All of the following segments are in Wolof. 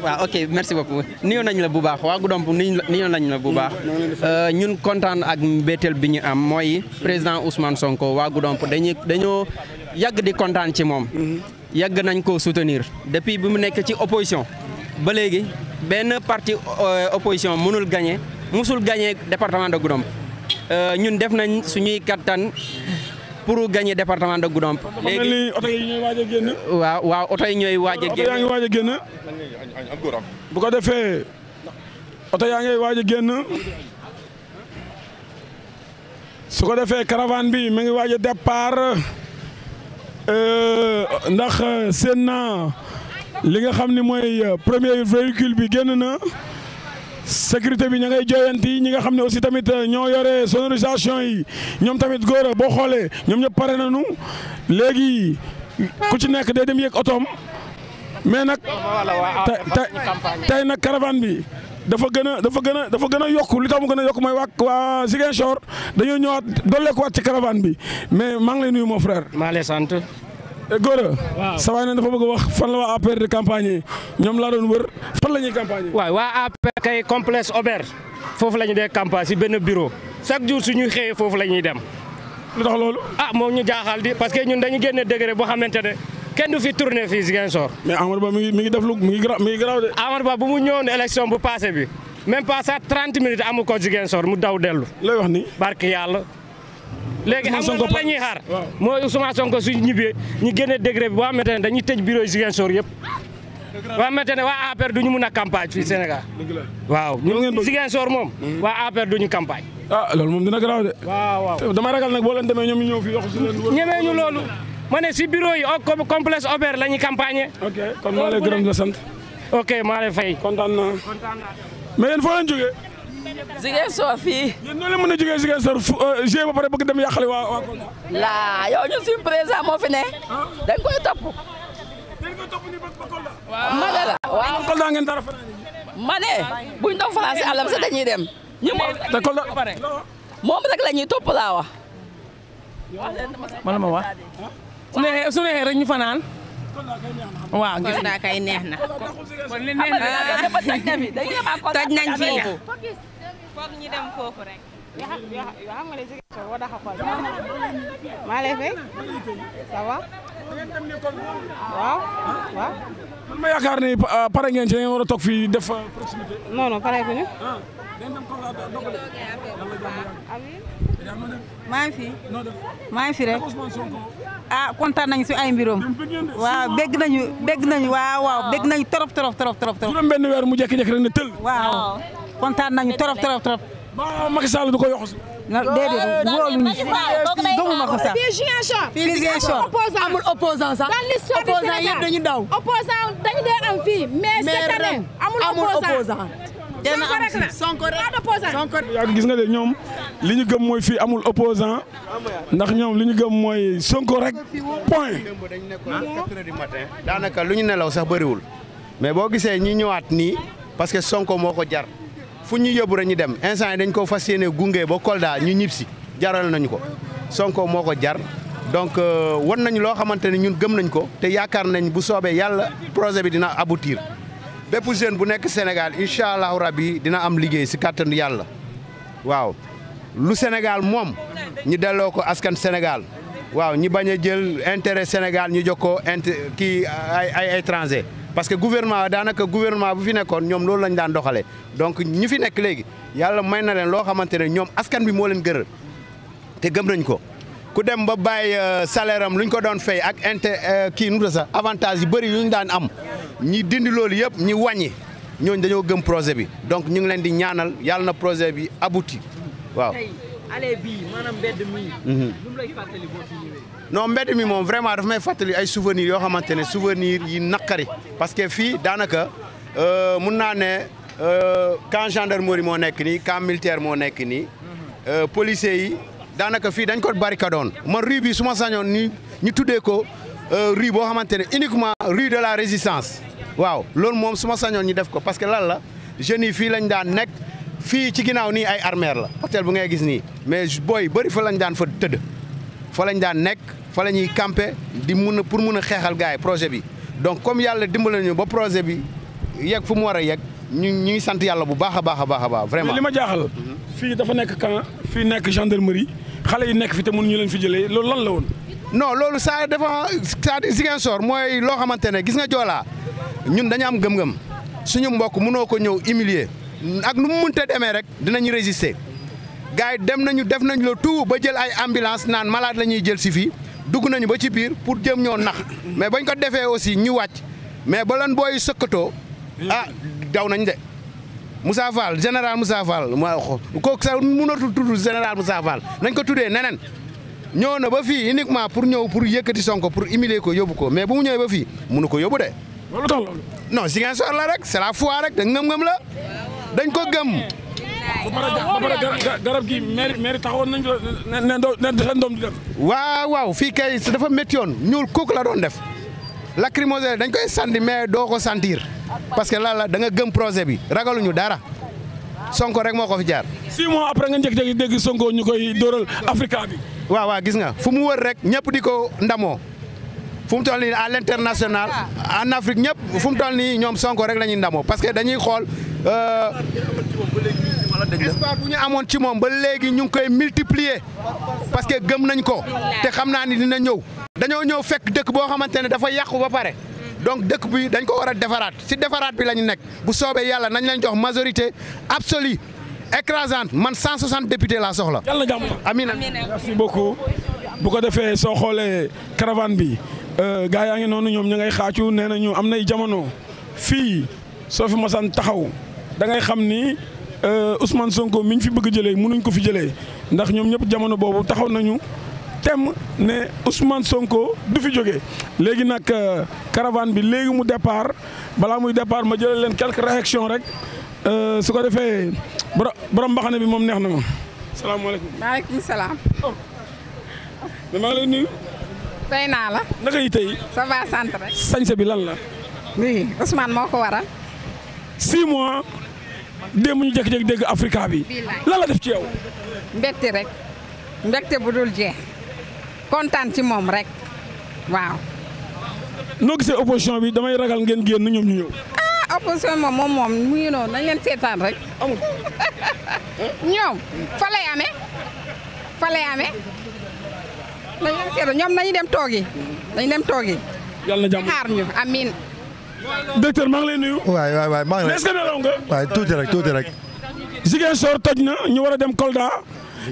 waaw ok merci beaucoup nuyoo nañ la bu baax waa Goudomp nuyoo nañ la bu baax euh, ñun kontaan ak mbetteel bi ñu am mooy président Ousmane Sonko waa Goudomp dañuy dañoo yàgg di kontaan ci moom mhm. yàgg nañ ko soutenir depuis bi mu nekk ci opposition ba léegi benn parti euh, opposition mënul gañe musul gañe département de Goudomp euh, ñun def nañ suñuy kattan pour gagner département de Goudomp. léegi oto yi a génn. waaw waaw oto yi ñooy waaj a génn. oto yaa ngi waaj a génn. bu ko defee oto yaa ngi waaj a génn su ko defee caravane bi mu ngi waaj a départ euh, ndax seen na li nga xam ni mooy premier véhicule bi génn na. sécurité bi ña ngay jooyanti ñi nga xam ne aussi tamit euh, ñoo yore sonorisation yi ñoom tamit góor boo xoolee ñoom ñëpp pare na nañu léegi ku ci nekk day dem yéeg otoom mais nag tey nag caravane bi dafa gën a dafa gën a dafa gën a yokk li tax mu gën a yokk mooy waa waa Ziguinchor dañoo ñëwaat dolleekuwaat ci caravane bi mais maa ngi lay nuyu mon maa lay sant. Eh, Gora. waaw sa waay na dafa bëgg wax fan la waa APR di campagne ñoom laa doon wër fan la ñuy campagne. waa APR kay complexe Auberge foofu la ñu dee campagne si benn bureau chaque jour suñuy xëyee foofu la ñuy dem. lu tax loolu. ah moom ñu jaaxal di parce que ñun dañu génne degré boo xamante ne kenn du fi tourné fii Ziguinchor. mais Amadou Ba mi ngi mi def lu mi ngi gra mi bu mu bi même pas sax 30 minutes amu ko Ziguinchor mu daw dellu. lay wax ni barke léegi xam nga la ñuy xaar mooy Ousmane Sonko su ñibbee ñu génne décret bi boo xamante ne dañuy tëj bureau yi Ziguinchor yëpp boo xamante ne waa APR duñu mun a campagne fii Sénégal waaw ñu Ziguinchor moom hmm. waa APR duñu campagne ah loolu moom dina garaaw de waaw waaw dama ragal nag boo leen demee ñoom ñu ñëw fii yokk si ñemee ñu loolu ma ne si bureau yi ak complexe Obert la ñuy campagne ok kon maa lay gërëm la sant ok maa lay fay kontaan Ziguinchor fii. fi ñoo leen mën a jógee Ziguinchor fu euh, G ba pare bëgg dem yàqale waa waa laa yow ñun suñu président moo fi ne. Ah. dañ koy topp. dañ koy topp la waaw Kolda ma ne buñ doon français àllam sax dañuy dem. ñu moom te la ñuy topp laa wax. ma la ma wax. su neexee su neexee rek ñu fanaan. waaw gis naa kay neex na. kon nañ fi. foog ñu dem foofu rek. yoo xam nga ne Ziguinchor boo daxa xool. maa lay fay ça va. waaw waaw. man ma yaakaar ni euh, pare ngeen ci da ngeen war a toog fii def euh, proximité. non non pare ku ñu. Ah, euh, maa ngi fi maa ngi fi rek ah kontaan nañu si ay mbiroom waaw bégg nañu bégg nañu waaw waaw bégg nañu trop trop trop trop. juróom benn weer mu jékki-jékki rek ne tël. waaw. kontaan nañu trop trop trop. ba Macky du ko yoxu si. déedéet wóoluñu gëmuma ko sax. fii Ziguinchor amul opposant sax. opposant yëpp dañu daw. opposant dañu dee am fii. mais cette année amul opposant Sonko gis nga de ñoom li ñu gëm mooy fii amul opposant ndax ñoom li ñu gëm mooy Sonko rek point. daanaka lu ñu nelaw sax bëriwul mais boo gisee ñi ñëwaat nii parce que Sonko moo ko jar. fu ñu yóbbu rek ñu dem instant dañ ko fas yéene gunge ba Kolda ñu ñib si jaral nañu ko Sonko moo ko jar donc euh, wan nañu loo xamante ne ñun gëm nañ ko te yaakaar nañ bu soobee yàlla projet bi dina aboutir bépp jeune bu nekk Sénégal incha allahu rabbi dina am liggéey si kàttanu yàlla waaw lu Sénégal moom ñu delloo ko askan Sénégal waaw ñi bañ a jël intérêt Sénégal ñu jox ko int kii ay ay parce que gouvernement daanaka gouvernement bu fi nekkoon ñoom loolu lañ daan doxalee donc ñi fi nekk léegi yàlla may na leen loo xamante ne ñoom askan bi moo leen gëral te gëm nañ ko ku dem ba bàyyi euh, salaire am lu ko doon fay ak inter euh, kii nu sax avantage yu bëri yu ñu daan am ñi dindi loolu yëpp ñi wàññi ñooñu dañoo gëm projet bi donc ñu ngi leen di ñaanal yàlla na projet bi abouti waaw. non mbedd mi moom vraiment daf may fàttali ay souvenirs yoo xamante ne souvenirs yi naqari parce que fii daanaka euh, mun naa ne euh, camp gendarmerie moo nekk nii camp moo nekk nii euh, policiers yi daanaka fii dañ ko barikadoon man rue bi suma sañoon ni ñu tuddee ko rue boo xamante ne uniquement rue de la résistance waaw lool moom suma sañoon ñu def ko parce que lan la jeunes yi fii lañ daan nekk fii ci ginaaw nii ay armeer la hôtel bu ngay gis ni mais booy bëri fa lañ daan fa tëdd fa lañ daan nekk fa la ñuy camper di mun a pour mun a xeexal gars yi projet bi donc comme yàlla dimbale ñu ba projet bi yegg fu mu war a yegg ñu ñu ngi sant yàlla bu baax a baax a baax a baax vraiment li ma jaaxal fii dafa nekk camp fii nekk gendarmerie xale yi nekk fi te ñu leen fi jëlee loolu lan la woon no loolu ça dafa ça Ziguinchor mooy loo xamante ne gis nga joolaa ñun dañu am gëm-gëm suñu mbokk mënoo ko ñëw humilier ak nu mu mënta demee rek dinañu résister gars yi dem nañu def nañu la tout ba jël ay ambulance naan malade la ñuy jël si fii dugg nañu ba ci biir pour jéem ñoo nax mais bañ ko defee aussi ñu wàcc mais ba lan booy sëkkatoo a ah, daw nañ de Moussa Fall général Moussa Fall ma kooku sax mënatul tudd général Moussa Fall nañ ko tuddee neneen ñëw na ba fii uniquement pour ñëw pour yëkkati Sonko pour humilier ko yóbu ko mais bu mu ñëwee ba fii mënu ko yóbbu de. loolu tax loolu. non si ngeen soor la rek c'est la foi rek da ngëm-ngëm la dañ ko gëm. garab gi mairie mairie taxawoon nañu ne doom di waaw waaw fii kay dafa métti ñuul kooku la doon def lacrymogène dañ koy sandi mais doo ko sentir parce que la la da nga gëm projet bi ragaluñu dara Sonko rek moo ko fi jaar. six mois après nga njëkk-njëkk dégg Sonko ñu koy dóoral Africa bi. waaw waaw gis nga fu mu wër rek ñëpp di ko ndamoo fu mu toll nii à l' international en Afrique ñëpp fu mu toll nii ñoom Sonko rek la ñuy ndamoo parce que dañuy xool. Euh, espoir bu ñu amoon ci moom ba léegi ñu koy multiplier parce que gëm nañ ko te xam naa ni dina ñëw dañoo ñëw fekk dëkk boo xamante ne dafa yàqu ba pare donc dëkk bi dañ ko war a defaraat si defaraat bi la ñu nekk bu soobee yàlla nañ lañ jox majorité absolue écrasante man 160 députés laa soxla. yàlla na jàmm amiin merci beaucoup bu ko defee soo xoolee caravane bi euh, gars yaa ngi noonu ñoom ñu ngay xaacu nee nañu am nay jamono fii soo fi masaan taxaw da xam ni. Euh, Ousmane Sonko mi ñu fi bëgg jëlee mënuñ ko fi jëlee ndax ñoom ñëpp jamono boobu taxaw nañu tem ne Ousmane Sonko du fi jóge léegi nag euh, caravane bi léegi mu départ balaa muy départ ma jëlee leen quelques réactions rek euh, su ko defee borom mbaxane bi moom neex na ma salaamaaleykum. maaleykum salaam. mais maa ngi lay naa la. naka yi tey. ça va sañse bi lan la. oui Ousmane moo mois. démb ñu jékki-jékki dégg Africa bi lan def ci yow. mbégte rek mbégte bu dul jeex kontaan ci moom rek waaw. noo gisee opposition bi damay ragal ngeen génn ñoom ñu ñëw. ah moom moom moom mu ngi noonu nañ leen seetaan rek. amul ñoom fa lay amee fa lay amee nañ seetaan ñoom nañu dem toogi nañu dem toogi. yàlla na jàmm xaar ñu amiin. docteur maa ngi lay nuyu. waaye waay maa ngi lay est-ce tuuti rek tuuti rek. Ziguinchor toj na ñu war a dem Kolda.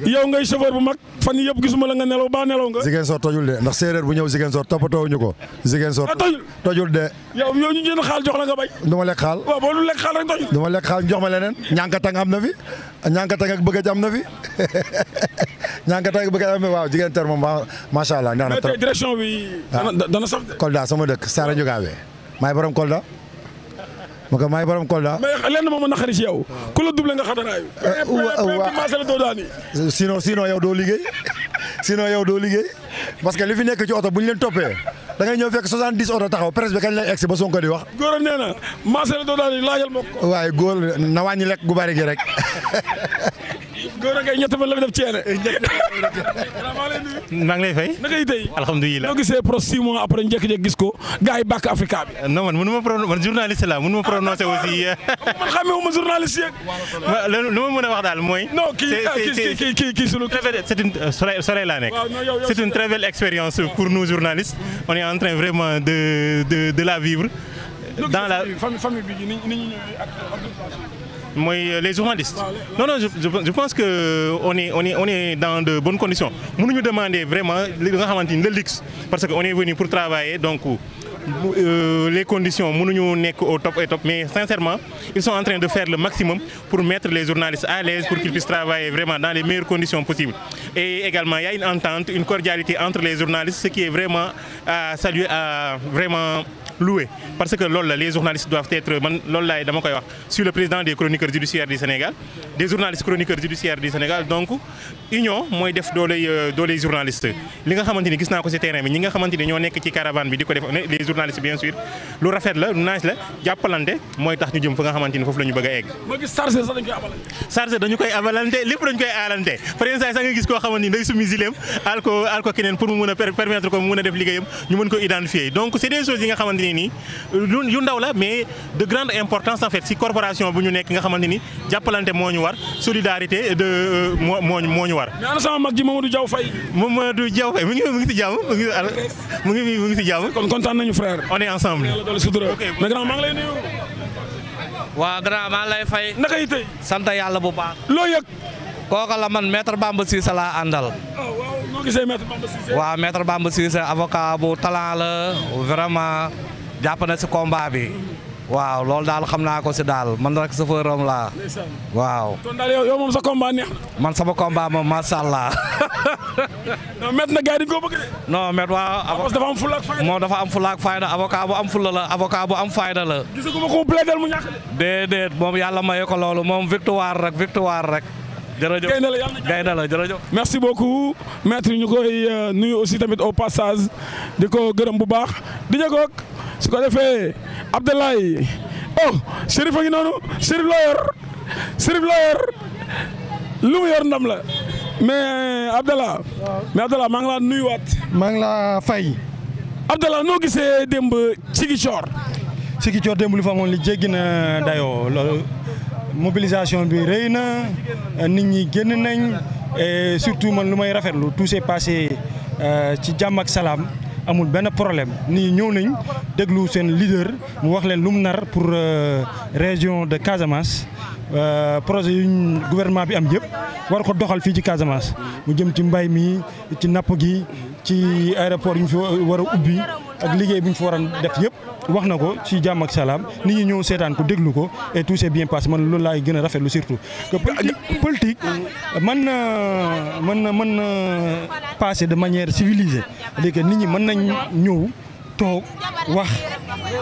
yow ngay chauffeur bu mag fan yii yëpp ma la nga nelaw ba nelaw nga. Ziguinchor tojul de ndax séeréer bu ñëw Ziguinchor toppatoo ñu ko. Ziguinchor ah, tojul de. yow yow ñu jënd xaal jox la nga bay. du ma lekk xaal waaw boo lekk xaal rek ma lekk xaal jox ma leneen. ñànkatang am na fi ñànkatang ak bëgg jam na fi ñànkatang ak bëgg am na waaw jigéen terme macha allah. neex na trop mais tey direction bi. Ah. dana dana saf de. Kolda sama dëkk Saara Ndiougabe. maay borom Kolda. ma ko maay borom Kolda. mais lenn moom a xarit si yow. ku la doublé nga xataraayu. Euh, eh, waaw euh, sinon sinon yow doo liggéey sinon yow doo liggéey parce que li nekk ci oto bu ñu leen toppee. da ngay ñëw fekk 70 oto taxaw presse bi kañ lay egg si ba Sonko di wax. góor a nee na maa seetlu doo daal laajal ma waaye góor na wàññi lekk gu bari gi rek. góor ak ay ñett fan la def ceene. maa ngi lay fay. na ngay tey alhamdulilah. après njëkk-njëkk gis ko gars yi bàkk Africa bi. non man mënu ma pro man aussi. man xamee wu ma journaliste yeeg. lu ma mën a wax daal mooy. non kii ah, kii kii kii sunu. c'est une nekk. c'est une très expérience pour nous journalistes. on est vraiment de la vivre. dans la famille famille bi ni ñu ak mooy euh, les journalistes non je, pense que on est on est on est dans de bonnes conditions mënuñu demander vraiment li nga xamante ni le luxe parce que on est venu pour travailler donc euh, les conditions mënuñu nekk au top et top mais sincèrement ils sont en train de faire le maximum pour mettre les journalistes à l'aise pour qu'ils puissent travailler vraiment dans les meilleures conditions possibles et également y a une entente une cordialité entre les journalistes ce qui est vraiment à vraiment louer parce que loolu la les journalistes doivent être man loolu laay dama koy wax sur le président des chroniqueurs judiciaires du Sénégal des journalistes chroniqueurs judiciaires du Sénégal donc union mooy def dooley euh, journaliste li nga xamante gis naa ko ci terrain bi ñi nga xamante ñoo nekk ci caravane bi di ko def les journalistes bien sûr lu rafet la lu naaj la jàppalante mooy tax ñu jëm fa nga xamante foofu la bëgg a egg chargé dañu koy avalante ne nii yu ndaw la mais de grande importance en fait si corporation bu ñu nekk nga xamante ni jàppalante moo ñu war solidarité de euh, moo moo ñu war. mais ana sama mag ji Mamadou Diaw Faye. Mamadou Diaw Faye mu ngi mu ngi si jàmm mu ngi mu ngi mu ngi si jàmm. kon kontaan nañu frère. ensemble. waa grand maa lay fay. naka yi tey. sant yàlla bu baax. loo yëg. kooka la man maître Bamba Cissé laa àndal. Oh, waaw noo gisee maître Bamba Cissé. waaw maître Bamba Cissé avocat bu talent vraiment. jàpp na si combat bi waaw loolu daal xam naa ko si daal man rek chauffeur am laa waaw. yow moom sa combat neex man sama combat moom macha allah. non met na gars koo bëgg de. non met waaw. moom dafa am fula ak fayda bu am fula la avocat bu am fayda la. gisaguma ko moom yàlla maye ko loolu moom victoire rek victoire rek. jërëjëf gay na la gay na la jërëjëf merci beaucoup maître ñu koy euh, nuyu aussi tamit au passage di ko gërëm bu baax di njëkkoog su ko defee Abdoulaye oh Chérif a ngi noonu Chérif loo yor Chérif lu mu yor ndam la mais euh, Abdallah mais Abdallah maa ngi laa nuyuwaat. maa ngi laa fay. Abdallah noo gisee démb Ziguinchor. Ziguinchor démb lu fa amoon li jéggi na dayoo loolu. mobilisation bi rëy na nit ñi génn nañ et surtout man lu may rafetlu tout s'est passé euh, ci jàmm ak salaam amul benn problème nii ñëw nañ déglu seen leader mu wax leen lu mu nar pour euh, région de Casamance euh, projet yu gouvernement bi am yëpp war ko doxal fii ci Casamance mu jëm ci mbay mi ci napp gi ci aéroport yu ñu fi war a ubbi ak liggéey bi ñu fi war a def yëpp. wax na ko ci jàmm ak salaam nit ñi ñëw seetaan ko déglu ko et tout c'est bien passé man loolu laay gën a rafetlu surtout que politique mën na mën na mën na passer de manière civilisée léegi nit ñi mën nañ ñëw toog wax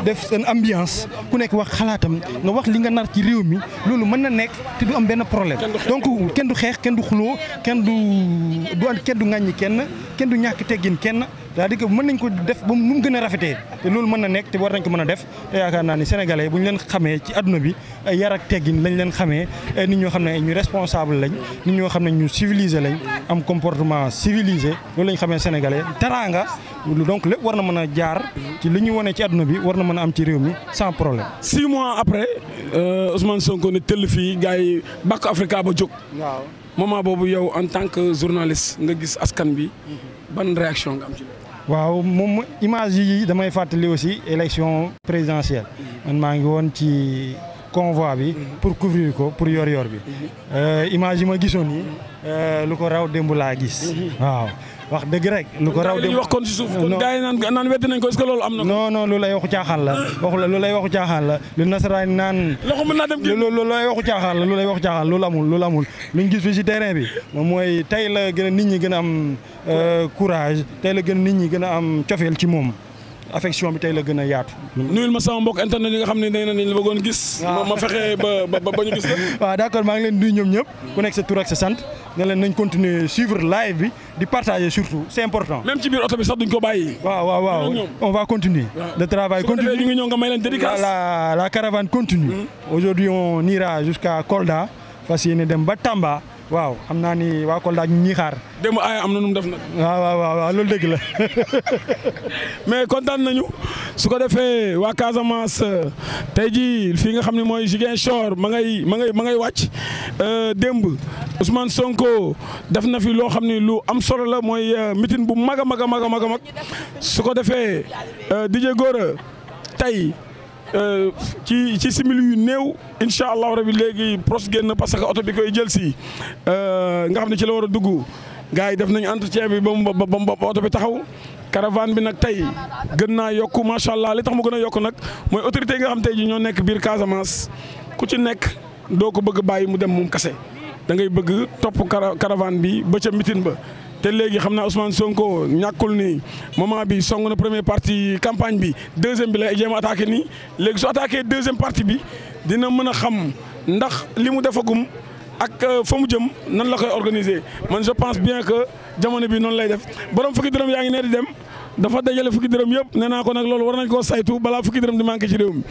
def seen ambiance ku nekk wax xalaatam nga wax li nga nar ci réew mi loolu mën na nekk te du am benn problème donc kenn du xeex kenn du xuloo kenn du du kenn du ŋàññi kenn kenn du ñàkk teggin kenn cest à mën nañ ko def ba nu mu gën a rafetee te loolu mën na nekk te war nañ ko mën a def te yaakaar naa ni sénégalais bu ñu leen xamee ci adduna bi ay yar ak teggin lañu leen xamee nit ñoo xam ne ñu responsable lañ nit ñoo xam ne ñu civilisé lañ am comportement civilisé loolu lañ xamee sénégalais teraanga donc lépp war na mën a jaar ci li ñuy wane ci adduna bi war na mën a am ci réew mi sans problème. six mois après euh, Ousmane Sonko ne tëll fii gars Bakk Africa ba jóg. waaw moment boobu yow en tant que journaliste nga gis askan bi ban réaction nga am ci waaw moom image yi damay fàttali aussi élection présidentielle man maa ngi woon ci convoi bi pour couvrir ko pour yor yor bi euh, image yi ma gisoon yi euh, lu ko raw démb laa gis waaw wax dëgg rek lu ko raw di wax kon si suuf kon gars naan naan weddi nañ ko est-ce loolu am na non non lu lay waxu caaxaan la lu lay waxu caaxaan la lu nasaraan naan loxo mën naa dem lu lay waxu caaxaan la lu lay waxu caaxaan loolu amul loolu amul ñu gis fi si terrain bi moom mooy tey la gën a nit ñi gën a am euh, courage tey la gën a nit ñi gën a am cofeel ci moom affection bi tey la gën a yaatu. nuyul ma sama mbokk internet yi nga xam ne nee nañ la bëggoon gis. ma fexe ba ba ñu gis la. maa ngi leen nuyu ñoom ñëpp ku nekk sa tur ak sa sant ne leen nañ continuer suivre live bi di partager surtout c'est important. même ci biir oto bi sax duñ ko bàyyi. waaw waaw waaw on va continuer. le travail continue ñu ngi ñëw nga may leen dédicace. la la caravane mm-hmm. on ira jusqu'à Kolda fas yéene dem ba Tamba. waaw xam naa ni waa Kolda ñu ñuy xaar. démb ay am na nu mu def nag. waaw waaw waaw loolu dëgg la. mais kontaan nañu su ko defee waa Casamance euh, tey jii fii nga xam ne mooy Ziguinchor ma ngay ma ngay ma ngay wàcc euh, démb Ousmane Sonko def na fi loo xam ne lu am solo la mooy euh, mitin bu mag a mag a mag a mag su ko defee DJ Gora tey. Euh, ci ci simili yu néew incha allahu rabi léegi proche génn parce que oto bi koy jël si euh, nga xam ne ci la war a dugg gaa yi def nañu entretien bi ba mu ba mu oto bi taxaw. caravane bi nag tey gën naa yokk macha allah li tax mu gën a yokk nag mooy autorité yi nga xam tey ji ñoo nekk biir Casamance ku ci nekk doo ko bëgg bàyyi mu dem moom kase dangay bëgg topp caravane bi bëccëm ca mitin ba. te léegi xam naa Ousmane Sonko ñàkkul ni moment bi song na première parti campagne bi deuxième bi lay jéem a attaqué nii léegi su attaqué deuxième parti bi dina mën a xam ndax li mu defagum ak euh, fa mu jëm nan la koy organiser man je pense bien que jamono bi noonu lay def borom fukki dërëm yaa ngi ne di dem. dafa dajale fukki dërëm yëpp nee ko nag loolu war nañ koo saytu balaa fukki dërëm di manqué ci réew mi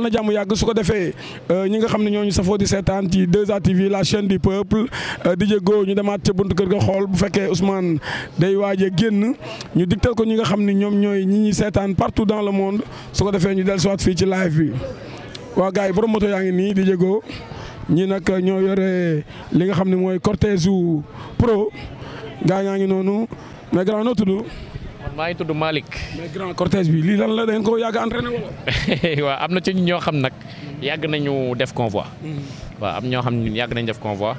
na jàmm yàgg su ko defee euh, ñi nga xam ne ñooñu safoo di seetaan ci 2A TV la chaîne du peuple euh, di jéego ñu demaat ca buntu kër ga xool bu fekkee Ousmane day waaje génn ñu digtal ko ñi nga xam ne ñoom ñooy ñi ñuy seetaan partout dans le monde su ko defee ñu dellusiwaat fii ci live bi waa gars yi borom moto yaa ngi nii di jéego ñii nag ñoo yore li nga xam ne mooy cortège pro gaa ñaa ngi noonu mais grand noo tudd man ngi tudd Malick. mais grand lii lan la da ngeen yàgg a entraîné wala. am na ci ñoo xam nag yàgg nañu def convoi. Mm-hmm. waaw am ñoo xam ne yàgg nañu def convoi.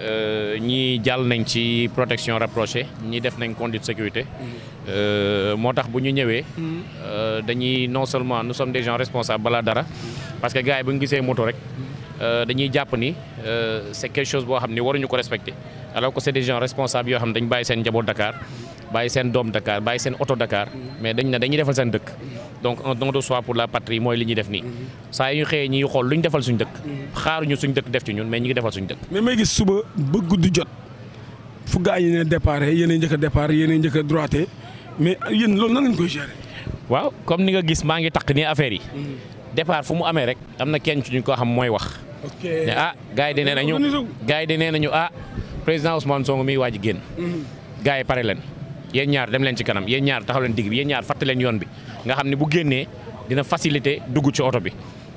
Euh, ñii jàll nañ ci protection rapprochée ñii def nañ conduite sécurité. Mm-hmm. Euh, moo tax bu ñu ñëwee. Mm-hmm. Euh, dañuy non seulement nous sommes des gens responsables balaa dara. parce que gars yi bu ñu gisee moto rek. dañuy jàpp ni c' est chose boo xam ni waruñu ko respecter alors que c' est des gens responsables yoo xam dañ bàyyi seen njaboot dakaar bàyyi seen doom Dakar bàyyi seen oto Dakar mais dañ ne dañuy defal seen dëkk donc un don de soi pour la patrie mooy li ñuy def nii saa yu xëyee ñuy xool lu ñu defal suñ dëkk xaaruñu suñ dëkk def ci ñun mais ñu ngi defal suñ dëkk mais may gis suba ba guddi jot fu gaa ne départ yéenay njëkk a départ yéenay njëkk mais yéen loolu nan lañ koy gérer waaw comme ni nga gis maa ngi taq nii affaire yi départ fu mu amee rek am na kenn ci ñu ko xam mooy wax ne ah yi de nee nañu gars yi de nee nañu ah président Ousmane Sonko miy waaj génn mhm. gars yéen ñaar dem leen ci kanam yéen ñaar taxaw leen digg bi yéen ñaar fàtte leen yoon bi nga xam ne bu génnee dina facilité dugg ci oto bi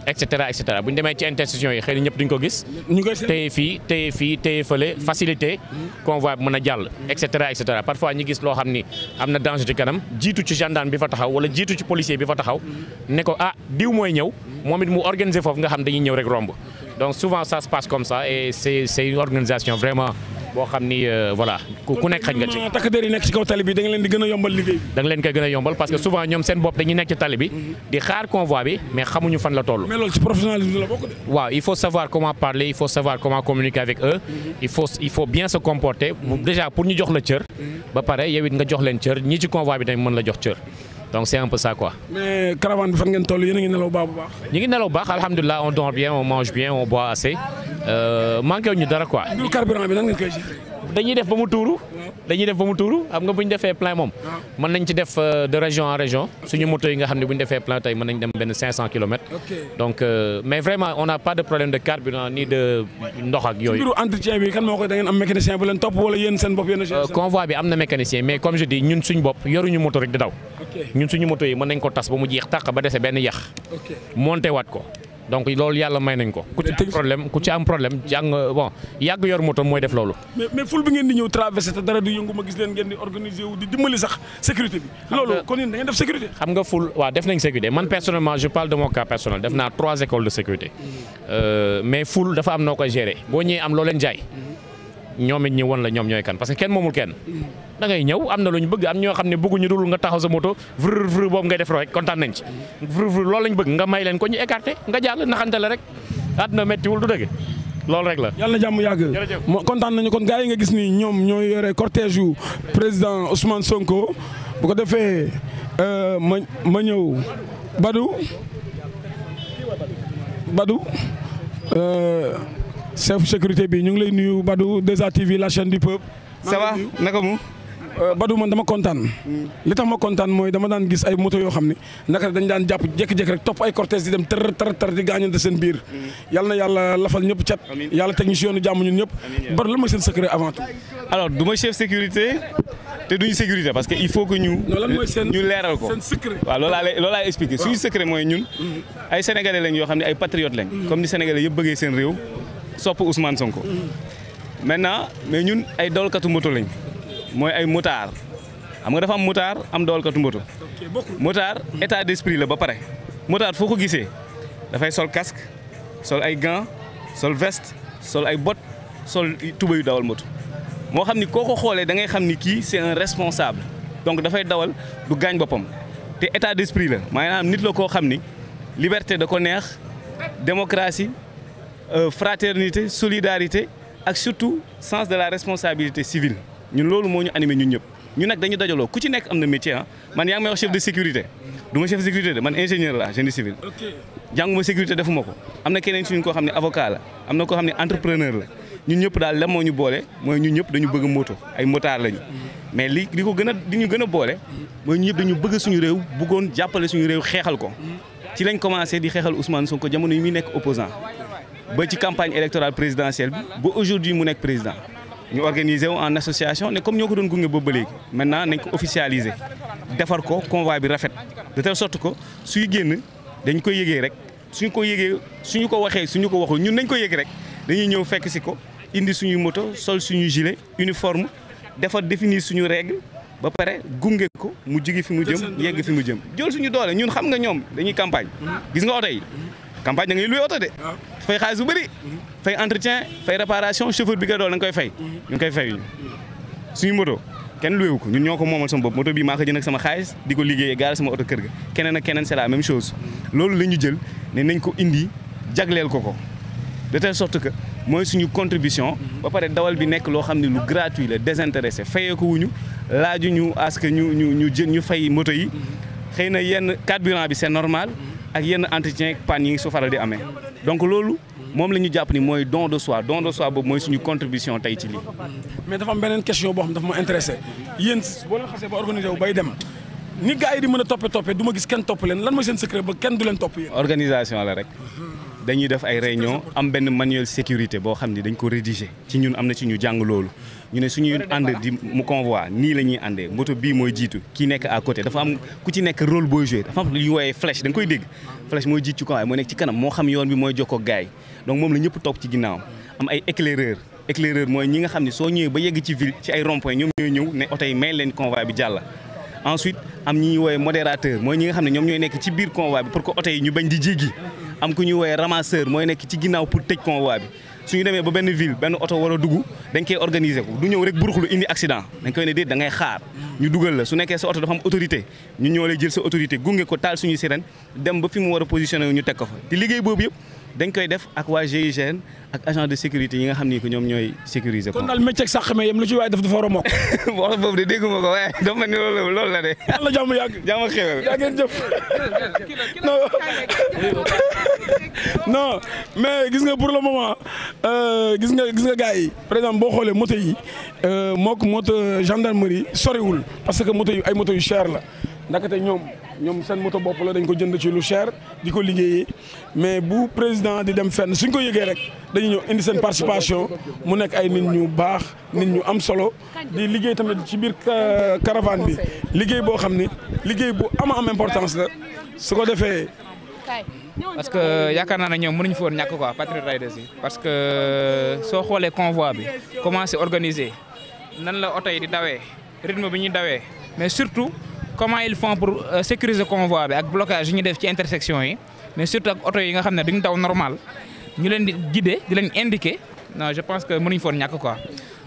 et cetera et cetera bu ñu demee ci intersection yi xëy na ñëpp duñ ko gis. ñu koy téye fii téye fii téye fële facilité convoi bi mën a jàll. et cetera et cetera parfois ñu gis loo xam ni am na danger ci kanam jiitu ci gendarme bi fa taxaw wala jiitu ci policier bi fa taxaw ne ko ah diw mooy ñëw moom it mu organiser foofu nga xam dañuy ñëw rek romb donc souvent ça se passe comme ça et organisation vraiment. boo xam ni euh, voilà ku nekk xañ nga ci. kaw tali bi da leen di gën a yombal liggéey bi. leen koy gën a yombal parce que souvent ñoom seen bopp dañuy nekk ci tali bi mhm. di xaar convoi bi mais xamuñu fan la toll. waaw il faut savoir comment parler il faut savoir comment communiquer avec eux. Mhm. il faut bien se comporter déjà pour ñu jox la cër. Mhm. ba pare yow it nga jox leen cër ñii ci convoi bi tamit mën la jox cër. donc c'est un peu ça quoi. mais caravane bi fan ngeen toll yéen a ngi nelaw baax bu baax. baax alhamdulilah on dort bien on mange bien on boit assez euh, manqué wu ñu dara quoi. bi nan dañuy def ba mu tuuru. dañuy def ba mu tuuru nga bu ñu defee plein moom. mën nañ ci def euh, de région en région. suñu moto yi nga xam ne bu ñu defee plein tey mën nañ dem benn 500 kilomètres. donc euh, mais vraiment on a pas de problème de carburant ni de ndox ak yooyu. mbiru entretien bi kan moo koy da ngeen am topp wala yéen seen bopp yéen a. Euh, convoi bi am na mécanicien mais comme je dis ñun suñu bopp yoruñu moto rek di ñun suñu moto yi mën nañ ko tas ba mu jeex tàq ba dese benn yàq. monté waat ko donc loolu yàlla may nañ ko. ku ci am problème ku am problème jàng bon yàgg yor moto mooy def loolu. mais mais ful bi ngeen di ñëw traversé te dara du yëngu ma gis leen ngeen di organisé wu di dimbali sax sécurité bi. loolu kon yéen da ngeen def sécurité. xam nga ful waaw def nañ sécurité man personnellement je parle de mon cas personnel def naa trois écoles de sécurité euh, mais ful dafa am noo ko géré boo ñëwee am loo jaay. ñoom it ñi won la ñoom ñooy kan parce que kenn moomul kenn da ngay ñëw am na lu ñu bëgg am ñoo xam ne bëgguñu dul nga taxaw sa moto vrr vrr boobu ngay def rek kontaan nañ ci vrr vrr loolu lañ bëgg nga may leen ko ñu écarté nga jàll naxante la rek àdduna méttiwul du dëgg loolu rek la yàlla na jàmm yàgg kontaan nañu kon gars yi nga gis ni ñoom ñoo yore cortège yu président Ousmane Sonko bu ko defee euh, ma ñëw Badou Badou euh, chef sécurité bi ñu ngi lay nuyu Badou 2A TV la chaîne du peuple. ça va naka mu. Euh, Badou man dama kontaan. Hmm. li tax ma kontaan mooy dama daan gis ay moto yoo xam ne naka dañ daan jàpp jékki-jékki rek topp ay cortège di dem tër tër di gaañante seen biir. Hmm. yal na yàlla lafal ñëpp cat. yàlla technicien yoonu jàmm ñun ñëpp. Badou lan mooy seen secret avant tout. alors du ma chef sécurité te duñu sécurité parce que il faut que ñu. ñu leeral ko. seen secret waaw loolu laa lay expliqué. suñu secret mooy ñun. Hmm. ay sénégalais yoo xam ne ay patriotes comme ni yëpp bëggee seen réew sopp Ousmane Sonko. maintenant mais ñun ay dawalkatu moto lañ mooy ay motards xam nga dafa am motard am dawalkatu moto. motard état d'esprit la ba pare. motard foo ko gisee dafay sol casque sol ay gants sol vest sol ay bot sol tuba dawal moto moo xam ni koo ko xoolee da ngay xam ni kii c'est un responsable donc dafay dawal du gaañ boppam te état d'esprit la maanaam nit la koo xam ni liberté da ko neex démocratie. Euh, fraternité solidarité ak surtout sens de la responsabilité civile ñu loolu moo ñu animé ñun ñëpp ñu nag dañu dajaloo ku ci nekk am na métier ah. man yaa ngi may chef de sécurité du ma chef de sécurité de man ingénieur la génie civil jànguma sécurité defuma ko am na keneen suñu koo xam ne avocat la am na koo xam ne entrepreneur la ñun ñëpp daal la moo ñu boole mooy ñun ñëpp dañu bëgg moto ay motard lañu mais li li ko gën a li ñu gën a boole mooy ñun ñëpp dañu bëgg suñu réew bëggoon jàppale suñu réew xeexal ko ci lañ commencé di xeexal Ousmane Sonko jamono yi muy nekk opposant ba ci campagne électorale présidentielle bi ba aujourd'hui mu nekk président ñu organiser wu en association ne comme ñoo ko doon gunge boobu ba léegi maintenant nañ ko officialiser defar ko convoi bi rafet de telle sorte que suy génn dañ koy yëgee rek suñu ko yëgee suñu ko waxee suñu ko waxul ñun nañ ko yëg rek dañuy ñëw fekk si ko indi suñu moto sol suñu gilet uniforme defar définir suñu règle ba pare gunge ko mu jigi fi mu jëm yegg fi mu jëm jël suñu doole ñun xam nga ñoom dañuy campagne gis nga oto fay xaalis bu bëri fay entretien fay réparation chauffeur bi nga doon da koy fay ñu mm-hmm. ngi koy fay suñu moto kenn luweewu ko ñun ñoo ko moomal sama bopp moto bii maa ko jënd ak sama xaalis di ko liggéeyee gaare sama oto kër ga keneen ak keneen c'est la même chose loolu la ñu jël ne nañ ko indi jagleel ko ko de telle sorte que mooy suñu contribution mm-hmm. ba pare dawal bi nekk loo xam ne lu gratuit la désintéressé fayee ko wuñu laaju ñu parce que ñu ñu ñu jël ñu fay moto yi mm-hmm. xëy na yenn carburant bi seen normal ak yenn entretien panne yi su faral di amee donc loolu moom la ñu jàpp ni mooy don de soi don de soi boobu mooy suñu contribution tey ci lii. mais dafa am beneen question boo xam dafa ma intéressé yéen boo leen xasee ba bay dem ni gars yi a toppe toppe du gis kenn topp leen lan mooy seen secret ba kenn leen topp yéen. organisation la rek dañuy def ay réunion am benn manuel sécurité boo xam ni dañ ko rédigé ci ñun am na ci ñu jàng loolu. ñu ne suñuy ànd di mu convoi nii la ñuy àndee moto bii mooy jiitu ki nekk à côté dafa am ku ci nekk rôle booy joué dafa am lu ñuy koy dégg flèche mooy jiitu ci nekk ci kanam moo xam yoon bi mooy jokkoo gaay donc moom la ñëpp topp ci ginnaaw am ay éclaireur éclaireur mooy ñi nga xam ne soo ñëwee ba yegg ci ville ci ay rond ñoom ñooy ñëw ne oto yi may leen convoi bi jàll ensuite am ñi ñuy woowee modérateur mooy ñi nga xam ne ñoom ñooy nekk ci biir convoi bi pour que oto yi ñu bañ di jéggi mooy nekk ci ginnaaw pour tëj bi su ñu demee ba benn ville benn oto war dugg dañ koy organiser ko du ñëw rek buruxlu indi accident dañ koy ne déet da ngay xaar ñu dugal la su nekkee sa oto dafa am autorité ñu ñoo lay jël sa autorité gunge ko taal suñu sirène dem ba fi mu war a positionné ñu teg ko fa te liggéey boobu yëpp dañ koy def ak waa GIGN ak agent de sécurité yi nga xam ni ko ñoom ñooy sécuriser. kon daal métier sax mais yem lu ci waaye daf dafa war a mokk. wax boobu de dégguma ko waaye dafa mel ni loolu loolu la de. yàlla jàmm yàgg jàmm xéwal. mais gis nga pour le moment euh, gis nga gis nga gars yi par exemple boo xoolee moto yi euh, mook moto gendarmerie soriwul parce que moto yu ay moto yu cher la. ndakate ñoom ñoom seen moto bopp la dañ ko jënd ci lu cher di ko liggéeyee mais bu président di dem fenn suñ ko yëgee rek dañu ñëw indi seen participation mu nekk ay nit ñu baax nit ñu am solo di liggéey tamit ci biir euh, caravane bi liggéey boo xam ni liggéey bu ama am importance la su ko defee. parce que euh, yaakaar naa ne ñoom mënuñu fa woon ñàkk quoi Patriot Riders yi parce que euh, soo xoolee convoi bi comment c'est organisé nan la oto yi di dawee rythme bi ñuy dawee comment ils font pour euh, sécuriser convoi bi ak blocage yi ñu def ci intersection yi mais surtout ak oto yi nga xam ne duñ daw normal ñu leen di guider di leen indiquer non je pense que mënuñ foon ñàkk quoi.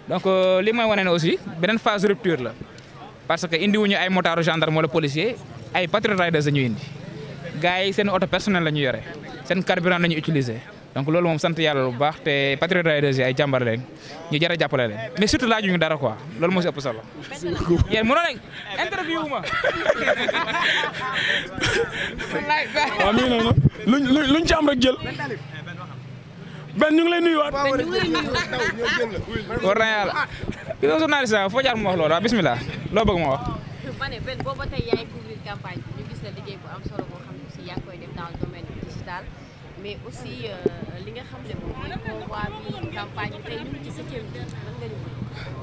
donc euh, li mooy wane ne aussi beneen phase rupture la parce que indi wuñu ay motaaru gendarme wala policier ay patrouille riders la ñu indi gars yi seen oto personnel la ñu yore seen carburant la ñu donc loolu moom sant yàlla bu baax te Patriote Riders yi ay jàmbar leen ñu jar a jàppale leen mais surtout dara ko loolu moo mi noonu luñ luñ ci am rek jël. benn ñu ngi lay nuyuwaat. war na yàlla. kii la journaliste ah foo mu wax loolu waaw bismillah loo bëgg ma wax. mais aussi euh, li nga xam ne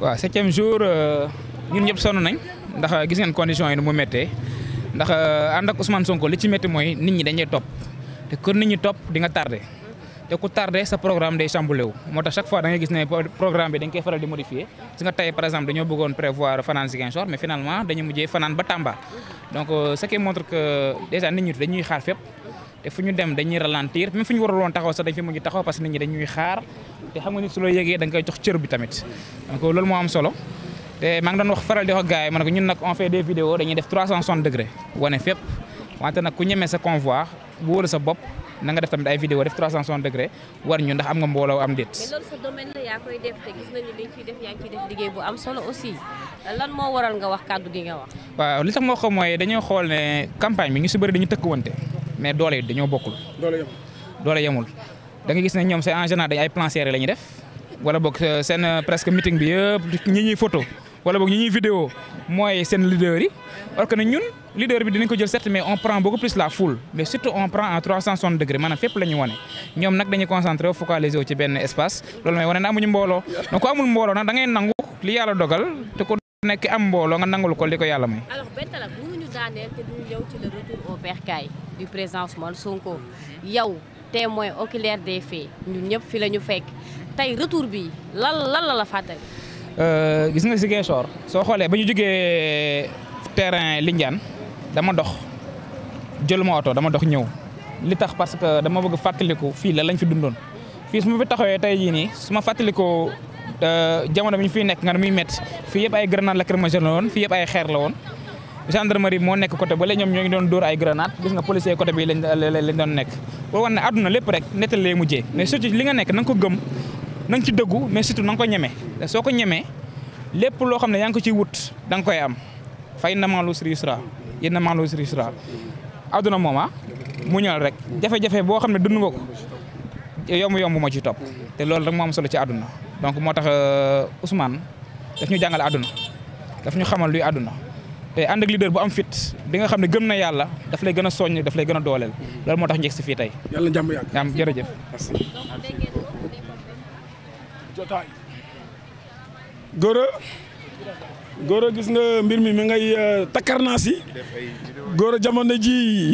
moom jour euh, ñun ñëpp sonn nañ ndax euh, gis ngeen condition yi nu mu méttee ndax ànd ak Ousmane Sonko li ci métti mooy nit ñi dañuy topp te kon nit ñi topp di nga tardé. te ku tardé sa programme day chamboulé wu moo tax chaque fois da ngay gis ne programme bi dañ faral di modifier su nga tey par exemple dañoo bëggoon prévoir fanaan Ziguinchor mais finalement dañu mujjee fanaan ba Tamba donc ce qui montre que déjà nit ñi dañuy xaar fépp. te fu ñu dem dañuy ralentir même fu ñu warul woon taxaw sax dañ fi mujj taxaw parce que nit ñi dañuy xaar te xam nga nit su loo yëgee da koy jox cër bi tamit donc loolu moo am solo te maa doon wax faral di wax ak gars yi ma ne ko ñun nag on fait des vidéos dañuy def 360 degré wane fépp wante nag ku ñemee sa convoi wóolu sa bopp na nga def tamit ay vidéo def 360 degré war ñu ndax am nga mbooloo am déet. mais loolu sa domaine la yaa koy def te gis nañu li nga def yaa ngi ciy def liggéey bu am solo aussi lan moo waral nga wax kàddu gi nga wax. waaw li tax moo ko mooy dañoo xool ne campagne bi ñu si bëri tëkk tëkkuwante mais doole yi dañoo bokkul. doole yemul doole gis ne ñoom c'est en général dañ ay plan serré la def wala boog euh, seen euh, presque meeting bi yëpp ñi ñuy photo wala boog ñi ñuy vidéo mooy seen leader yi ñun leader bi dinañ ko jël certes mais on prend beaucoup plus la foule mais surtout on prend en 360 degrés maanaam fépp la ñu wane ñoom nag dañuy concentré focaliser wu ci benn espace loolu mooy wane na amuñu mbooloo nag da nangu li yàlla dogal te ko nekk am mbooloo nga nangul ko li ko yàlla may. alors Bentaleb la mënuñu daaneel te duñu ñëw ci le retour au du président Ousmane Sonko mhm. yow témoin oculaire des faits ñun ñëpp fi la ñu fekk tey retour bi lan lan la la fàttali. Euh, gis nga Ziguinchor soo xoolee ba ñu jógee terrain Lindiane dama dox jëluma oto dama dox ñëw li tax parce que dama bëgg fàttaliku fii la lañ fi dundoon fii su fi taxawee tey jii nii su ma Euh, jamono bi ñu fi nekk nga ne muy métti fii yëpp ay grenade lacrymogène la woon fii yëpp ay xeer la woon gendarmerie moo nekk côté bale ñoom ñoo ngi doon dóor ay grenade gis nga policier côté bi lañ lañ doon nekk boo ne àdduna lépp rek nettal lay mujjee mais surtout li nga nekk na ko gëm na nga ci dëggu mais surtout na nga ko ñemee soo ko ñemee lépp loo xam ne yaa ngi ko ciy wut da nga koy am fay na maa luus riusra yéen na maa luus riusra àdduna moom ah mu ñal rek jafe-jafe boo xam ne dund nga ko yomb yomb ma ci topp te loolu rek moo am solo ci àdduna donc moo tax euh, Ousmane daf ñu jàngale àdduna daf ñu xamal luy àdduna te ànd ak boo am fit bi nga xam ne gën na yàlla daf lay gën a soññ daf lay gën a dooleel loolu moo tax njëkk si fii tey. yàlla jàmm yàgg jàmm jërëjëf. jotaay góor a gis nga mbir mi mi ngay euh, takkar naa si góor a jamono ji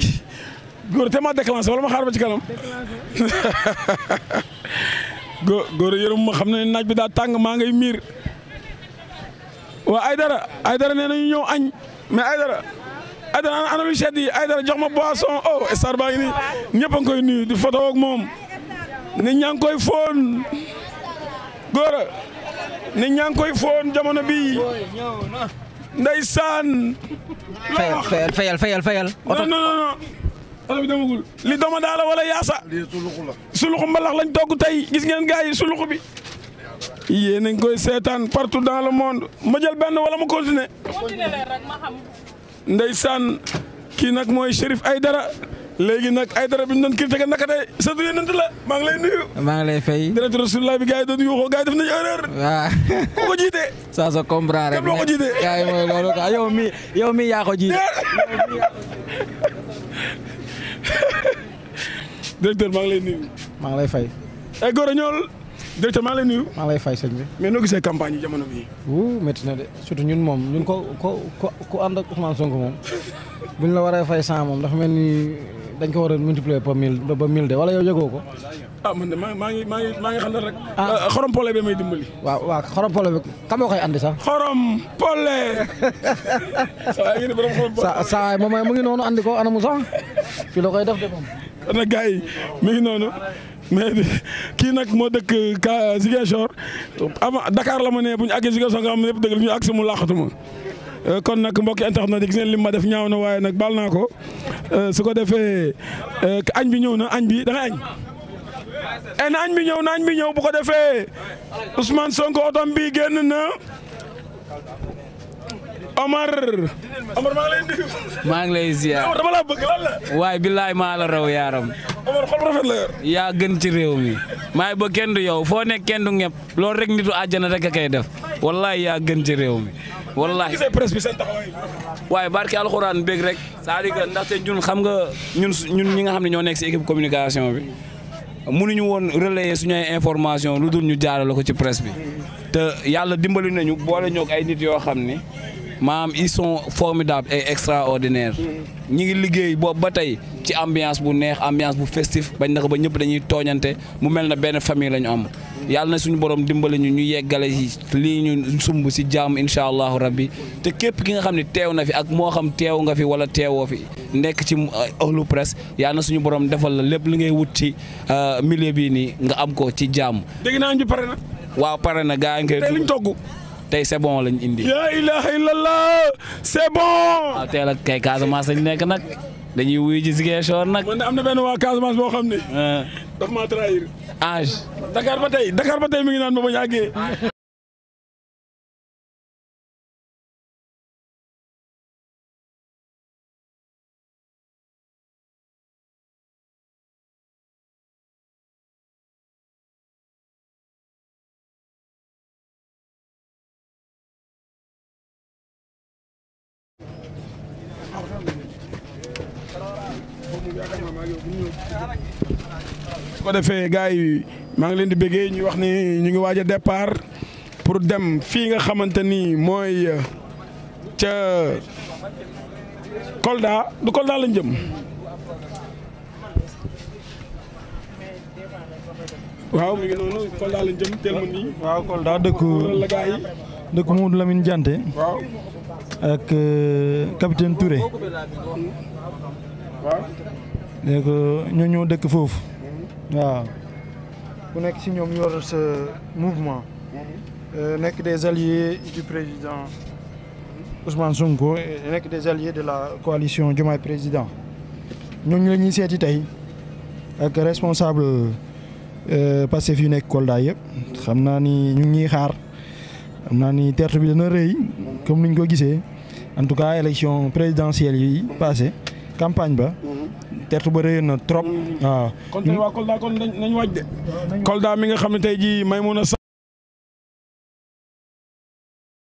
góor te ma déclenché wala ma xaar ba ci kanam. gó góor yërëm ma xam ne naaj bi daa tàng maa ngay miir waa Aydara Aydara nee nañu ñëw añ mais Aydara Aydara ana lu sedd yi Aydara jox ma boisson oh star baa ngi nii ñëpp a ngi koy di photo ak moom nit ñaa ngi koy foon góor a nit ñaa ngi koy foon jamono bii ndeysaan. fayal fayal fayal fayal. non non non. xale bi demagul li dama daal la wala yaasa. lii suluxu la. suluxu mbalax lañ togg tey gis ngeen gars yi suluxu bi. yéen a koy seetaan partout dans le monde ma jël benn wala ma continuer. continuer leen kii nag mooy ay dara léegi nag Aïdara bi ñu doon critiqué naka tey sa du yéenante la maa ngi lay nuyu. maa ngi lay fay. directeur Rasulullah bi gars yi doon yuuxoo gars yi def nañu erreur. waaw ku ko jiite. sa comprendre rek. képp loo ko jiite. gars mooy loolu quoi yow mi yow mi yaa ko jiite. directeur maa ngi lay nuyu. maa ngi lay fay. ay eh, góor a ñool. directeur maa lay nuyu. maa lay fay sëñ bi. mais gisee campagne yi jamono bii. wuu métti na de surtout ñun moom ñun ko ko ko ku ànd ak Ousmane Sonko moom buñ la waree fay cent moom dafa mel ni dañ ko war a multiplier par mille ba mille de wala ko. ah maa ngi maa ngi maa ngi xam ah. euh, may dimbali. waaw waaw xorom pole bi ka andi sax. xorom pole. saa yi borom mu ngi noonu andi ko anamu sax fii la koy def de moom. kon nag yi mi ngi noonu. mais kii nag moo dëkk Ka Ziguinchor avant Dakar la ma nee bu ñu àggee Ziguinchor nga xam ne yëpp dëgg la ñu àgg si mu laaxatu ma euh, kon nag mbokki internet na gis ngeen lim def ñaaw na waaye nag baal naa ko euh, su ko defee euh, añ bi ñëw na añ bi da añ. et eh, añ bi ñëw na añ bi ñëw bu ko defee Ousmane Sonko otom bi génn na. Omar. maa ngi lay nuyu. maa ngi la. waaye billaay maa la raw yaaram. yaa gën ci réew mi. maay ba kenn du yow foo nekk kenn du ñëpp loolu rek nitu àjjana rek kay koy def wallahi yaa gën ci réew mi. wallahi gisee presse bi seen taxawaay waaye barke alxuraan beeg rek. c'est-à-dire ndaxte ñun xam nga ñun ñun ñi nga xam ne ñoo nekk si équipe communication bi mënuñu woon relayer suñu ay information lu dul ñu jaarale ko ci presse bi. te yàlla dimbali nañu boole ñoog ay nit yoo xam ne maam ils sont formidables et extraordinaires ñi ngi liggéey boobu ba tey ci ambiance bu neex ambiance bu festif bañ na ba ñëpp dañuy tooñante mu mel na benn famille la ñu am yàlla na suñu borom dimbali ñu ñu yeggale lii ñu sumb si jàmm incha allahu rabbi te képp ki nga xam ne teew na fi ak moo xam teew nga fi wala teewoo fi nekk ci euh, ahlu presse yàlla na suñu borom defal la lépp li ngay wut ci euh, milieu bii nii nga am ko ci jàmm. dégg naa pare na. gaa yi nga koy. tey sebon bon lañ indi. yaa ilaha illallah c'est bon. waaw ah, teel ak kay Casamance lañ nekk nag dañuy wuyu ji Ziguinchor nag. man am na benn waa Casamance boo xam ne. Ah. daf maa trahir. âge. Dakar ba tey Dakar ba tey mi ngi naan ma ba ñu àggee. su ko defee gars yi maa ngi leen di bëggee ñuy wax ni ñu ngi waaj a départ pour dem fii nga xamante ni mooy euh, ca Kolda du Kolda lañ jëm. waaw mu ngi noonu Kolda lañ jëm teel ma nii. la gars yi. ak euh, capitaine Touré. waaw. donc ñoo dëkk foofu. waaw ku nekk si ñoom yor sa mouvement mhm. euh, nekk des alliés du président Ousmane Sonko nekk des alliés de la coalition Diomaye Président ñooñu lañuy seeti tey ak responsable euh, Pastef yu nekk Kolda yëpp xam naa ni ñu ngi ñuy xaar xam naa ni terre bi dana rëy comme ni ñu ko gisee en tout cas élection présidentielle yi passé campagne ba tertu ba rëy na trop mm. waaw. kon tey waa Kolda kon nañ waaj de Kolda mi nga xam ne tey jii may mun a